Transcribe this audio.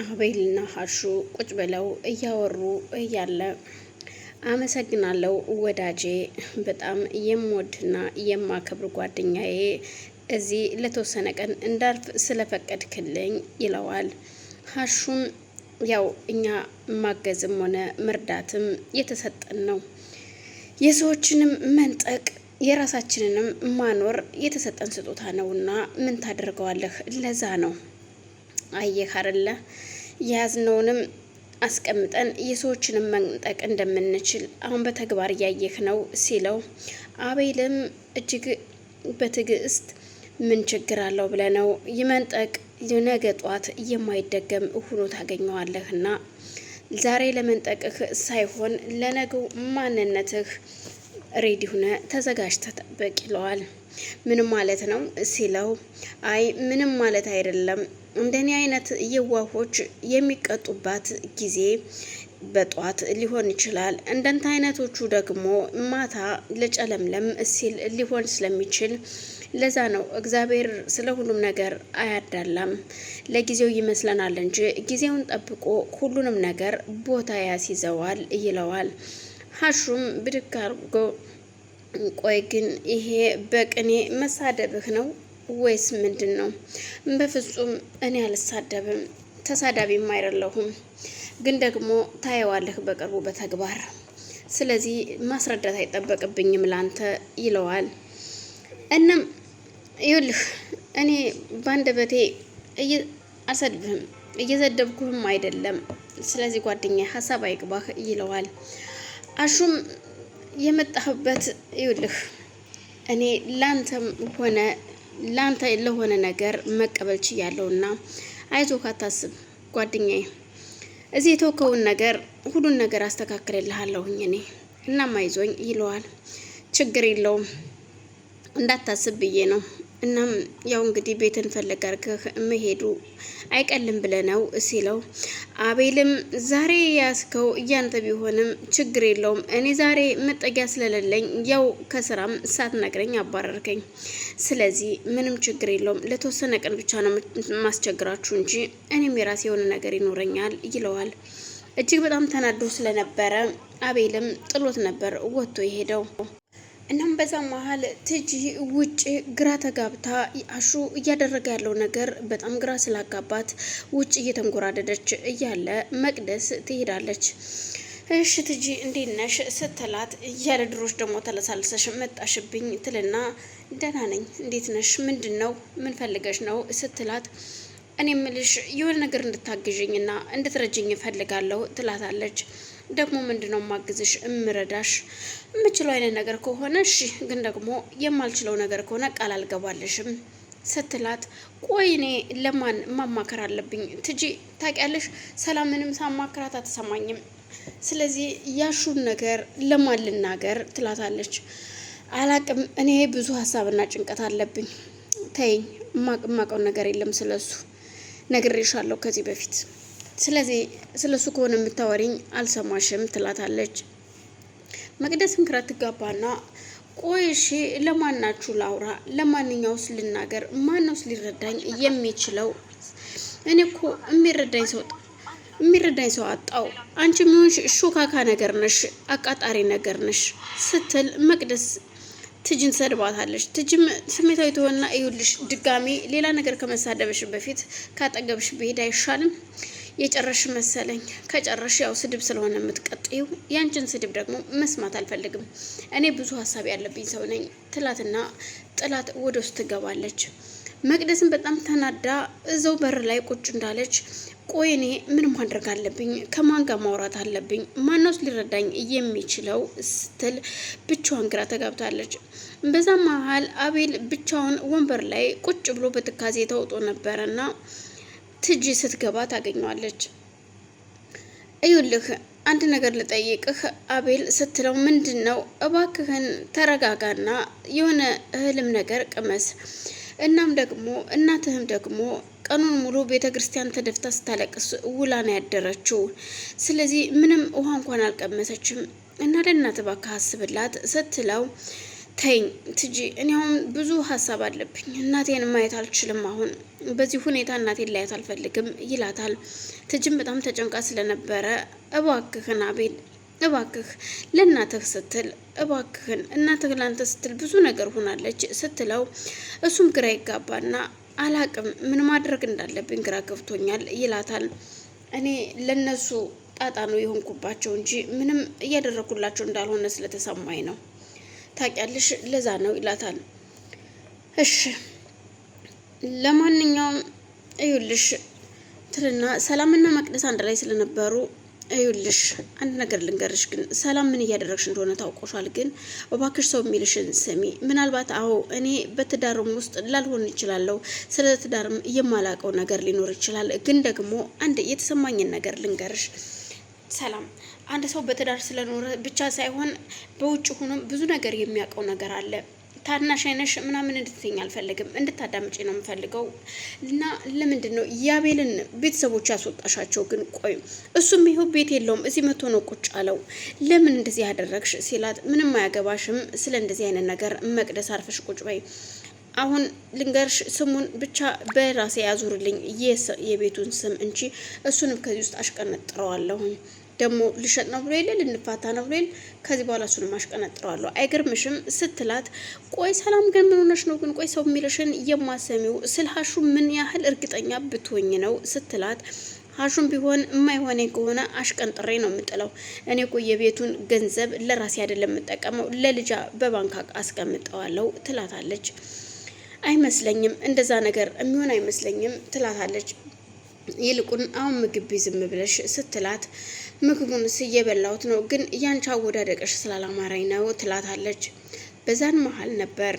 አቤልና ሀሹ ቁጭ ብለው እያወሩ እያለ አመሰግናለሁ ወዳጄ፣ በጣም የምወድና የማከብር ጓደኛዬ እዚህ ለተወሰነ ቀን እንዳርፍ ስለፈቀድክልኝ ይለዋል። ሀሹም ያው እኛ ማገዝም ሆነ መርዳትም የተሰጠን ነው። የሰዎችንም መንጠቅ የራሳችንንም ማኖር የተሰጠን ስጦታ ነውና ምን ታደርገዋለህ? ለዛ ነው አየህ አይደለ የያዝነውንም አስቀምጠን የሰዎችንም መንጠቅ እንደምንችል አሁን በተግባር እያየህ ነው ሲለው አቤልም እጅግ በትዕግስት ምን ችግር አለው ብለ ነው የመንጠቅ ነገ ጧት የማይደገም ሁኖ ታገኘዋለህና ዛሬ ለመንጠቅህ ሳይሆን ለነገው ማንነትህ ሬዲ ሁነ ተዘጋጅተ ጠበቅ ይለዋል። ምንም ማለት ነው ሲለው፣ አይ ምንም ማለት አይደለም እንደኔ አይነት የዋሆች የሚቀጡባት ጊዜ በጧት ሊሆን ይችላል። እንደንተ አይነቶቹ ደግሞ ማታ ለጨለምለም ሲል ሊሆን ስለሚችል ለዛ ነው እግዚአብሔር ስለ ሁሉም ነገር አያዳላም። ለጊዜው ይመስለናል እንጂ ጊዜውን ጠብቆ ሁሉንም ነገር ቦታ ያስይዘዋል ይለዋል። ሀሹም ብድግ አድርጎ ቆይ ግን ይሄ በቅኔ መሳደብህ ነው ወይስ ምንድን ነው? በፍጹም እኔ አልሳደብም፣ ተሳዳቢም አይደለሁም። ግን ደግሞ ታየዋለህ በቅርቡ በተግባር ስለዚህ ማስረዳት አይጠበቅብኝም ላንተ ይለዋል። እናም ይኸውልህ እኔ በአንደበቴ አልሰድብህም፣ እየዘደብኩህም አይደለም። ስለዚህ ጓደኛ ሀሳብ አይግባህ ይለዋል። አሹም የመጣሁበት ይውልህ እኔ ላንተም ሆነ ላንተ ለሆነ ነገር መቀበል ችያለሁና አይዞህ አታስብ ጓደኛዬ እዚህ የተወከውን ነገር ሁሉን ነገር አስተካክልልሃለሁኝ እኔ እናም አይዞኝ ይለዋል ችግር የለውም እንዳታስብ ብዬ ነው እናም ያው እንግዲህ ቤትን ፈለግ አድርገህ መሄዱ አይቀልም ብለህ ነው ሲለው፣ አቤልም ዛሬ ያስከው እያንተ ቢሆንም ችግር የለውም እኔ ዛሬ መጠጊያ ስለሌለኝ ያው ከስራም ሳትነግረኝ አባረርከኝ። ስለዚህ ምንም ችግር የለውም ለተወሰነ ቀን ብቻ ነው ማስቸግራችሁ እንጂ እኔም የራሴ የሆነ ነገር ይኖረኛል ይለዋል። እጅግ በጣም ተናዶ ስለነበረ አቤልም ጥሎት ነበር ወጥቶ የሄደው። እናም በዛ መሀል ትጂ ውጭ ግራ ተጋብታ አሹ እያደረገ ያለው ነገር በጣም ግራ ስላጋባት ውጭ እየተንጎራደደች እያለ መቅደስ ትሄዳለች። እሽ ትጂ እንዴት ነሽ ስትላት እያለ ድሮች ደግሞ ተለሳልሰሽ መጣሽብኝ ትልና ደህና ነኝ፣ እንዴት ነሽ? ምንድን ነው? ምን ፈልገሽ ነው ስትላት እኔ ምልሽ የሆነ ነገር እንድታግዥኝና እንድትረጅኝ እፈልጋለሁ ትላታለች። ደግሞ ምንድነው ማግዝሽ፣ እምረዳሽ የምችለው አይነት ነገር ከሆነ እሺ፣ ግን ደግሞ የማልችለው ነገር ከሆነ ቃል አልገባልሽም ስትላት ቆይ እኔ ለማን ማማከር አለብኝ? ትጂ ታውቂያለሽ፣ ሰላምንም ሳማክራት አትሰማኝም። ስለዚህ ያሹን ነገር ለማን ልናገር ትላታለች። አላቅም፣ እኔ ብዙ ሀሳብና ጭንቀት አለብኝ። ተይኝ፣ ማቅማቀው ነገር የለም ስለሱ ነግሬሻለሁ ከዚህ በፊት ስለዚህ ስለ እሱ ከሆነ የምታወሪኝ አልሰማሽም ትላታለች። መቅደስም ግራ ትጋባና ቆይ እሺ ለማናችሁ ላውራ? ለማንኛውስ ልናገር? ማነውስ ሊረዳኝ የሚችለው? እኔ እኮ የሚረዳኝ ሰው የሚረዳኝ ሰው አጣው። አንቺ የሚሆንሽ ሾካካ ነገር ነሽ፣ አቃጣሪ ነገር ነሽ ስትል መቅደስ ትጅን ሰድባታለች። ትጅም ስሜታዊ ትሆንና እዩልሽ፣ ድጋሜ ሌላ ነገር ከመሳደበሽ በፊት ካጠገብሽ ብሄድ አይሻልም? የጨረሽ መሰለኝ። ከጨረሽ ያው ስድብ ስለሆነ የምትቀጥዩ ያንቺን ስድብ ደግሞ መስማት አልፈልግም። እኔ ብዙ ሀሳብ ያለብኝ ሰው ነኝ ትላትና ጥላት ወደ ውስጥ ትገባለች። መቅደስን በጣም ተናዳ እዛው በር ላይ ቁጭ እንዳለች ቆይ እኔ ምን ማድረግ አለብኝ? ከማን ጋር ማውራት አለብኝ? ማነውስ ሊረዳኝ የሚችለው ስትል ብቻዋን ግራ ተጋብታለች። በዛ መሀል አቤል ብቻውን ወንበር ላይ ቁጭ ብሎ በትካዜ ተውጦ ነበረና ትጂ ስትገባ ታገኘዋለች። እዩልህ አንድ ነገር ልጠይቅህ አቤል ስትለው፣ ምንድን ነው እባክህን ተረጋጋና የሆነ እህልም ነገር ቅመስ። እናም ደግሞ እናትህም ደግሞ ቀኑን ሙሉ ቤተ ክርስቲያን ተደፍታ ስታለቅስ ውላ ነው ያደረችው። ስለዚህ ምንም ውሃ እንኳን አልቀመሰችም እና ለእናት እባክህ አስብላት ስትለው ተይኝ ትጂ፣ እኔ አሁን ብዙ ሀሳብ አለብኝ። እናቴን ማየት አልችልም። አሁን በዚህ ሁኔታ እናቴን ላያት አልፈልግም ይላታል። ትጅም በጣም ተጨንቃ ስለነበረ እባክህን አቤል እባክህ ለእናትህ ስትል እባክህን እናትህ ላንተ ስትል ብዙ ነገር ሆናለች ስትለው እሱም ግራ ይጋባና አላቅም ምን ማድረግ እንዳለብኝ ግራ ገብቶኛል ይላታል። እኔ ለነሱ ጣጣ ነው የሆንኩባቸው እንጂ ምንም እያደረግኩላቸው እንዳልሆነ ስለተሰማኝ ነው ታውቂያለሽ፣ ለዛ ነው ይላታል። እሺ ለማንኛውም እዩልሽ ትልና ሰላምና መቅደስ አንድ ላይ ስለነበሩ እዩልሽ አንድ ነገር ልንገርሽ፣ ግን ሰላም ምን እያደረግሽ እንደሆነ ታውቆሻል። ግን እባክሽ ሰው የሚልሽን ስሚ። ምናልባት አዎ እኔ በትዳርም ውስጥ ላልሆን ይችላለሁ፣ ስለ ትዳርም የማላውቀው ነገር ሊኖር ይችላል። ግን ደግሞ አንድ የተሰማኝን ነገር ልንገርሽ ሰላም አንድ ሰው በትዳር ስለኖረ ብቻ ሳይሆን በውጭ ሆኖም ብዙ ነገር የሚያውቀው ነገር አለ። ታናሽ አይነሽ ምናምን እንድትይኝ አልፈልግም፣ እንድታዳምጭ ነው የምፈልገው። እና ለምንድን ነው ያቤልን ቤተሰቦች ያስወጣሻቸው? ግን ቆይ እሱም ይኸው ቤት የለውም እዚህ መቶ ነው ቁጭ አለው። ለምን እንደዚህ ያደረግሽ ሲላት፣ ምንም አያገባሽም ስለ እንደዚህ አይነት ነገር መቅደስ፣ አርፈሽ ቁጭ በይ አሁን ልንገርሽ ስሙን ብቻ በራሴ ያዙርልኝ የቤቱን ስም እንጂ እሱንም ከዚህ ውስጥ አሽቀነጥረዋለሁኝ። ደግሞ ልሸጥ ነው ብሎ የለ ልንፋታ ነው ብሎ የለ ከዚህ በኋላ እሱን ማሽቀነጥረዋለሁ አይገርምሽም? ስትላት ቆይ ሰላም ግን ምን ሆነሽ ነው ግን ቆይ ሰው የሚለሽን የማሰሚው ስልሀሹ ምን ያህል እርግጠኛ ብትወኝ ነው ስትላት ሀሹም ቢሆን የማይሆነ ከሆነ አሽቀንጥሬ ነው የምጥለው። እኔ እኮ የቤቱን ገንዘብ ለራሴ አይደለም የምጠቀመው ለልጃ በባንክ አስቀምጠዋለሁ ትላታለች። አይመስለኝም እንደዛ ነገር የሚሆን አይመስለኝም ትላታለች። ይልቁን አሁን ምግብ ዝም ብለሽ ስትላት ምግቡንስ እየበላሁት ነው፣ ግን ያንቺ አወዳደቅሽ ስላላማራኝ ነው ትላታለች። በዛን መሀል ነበር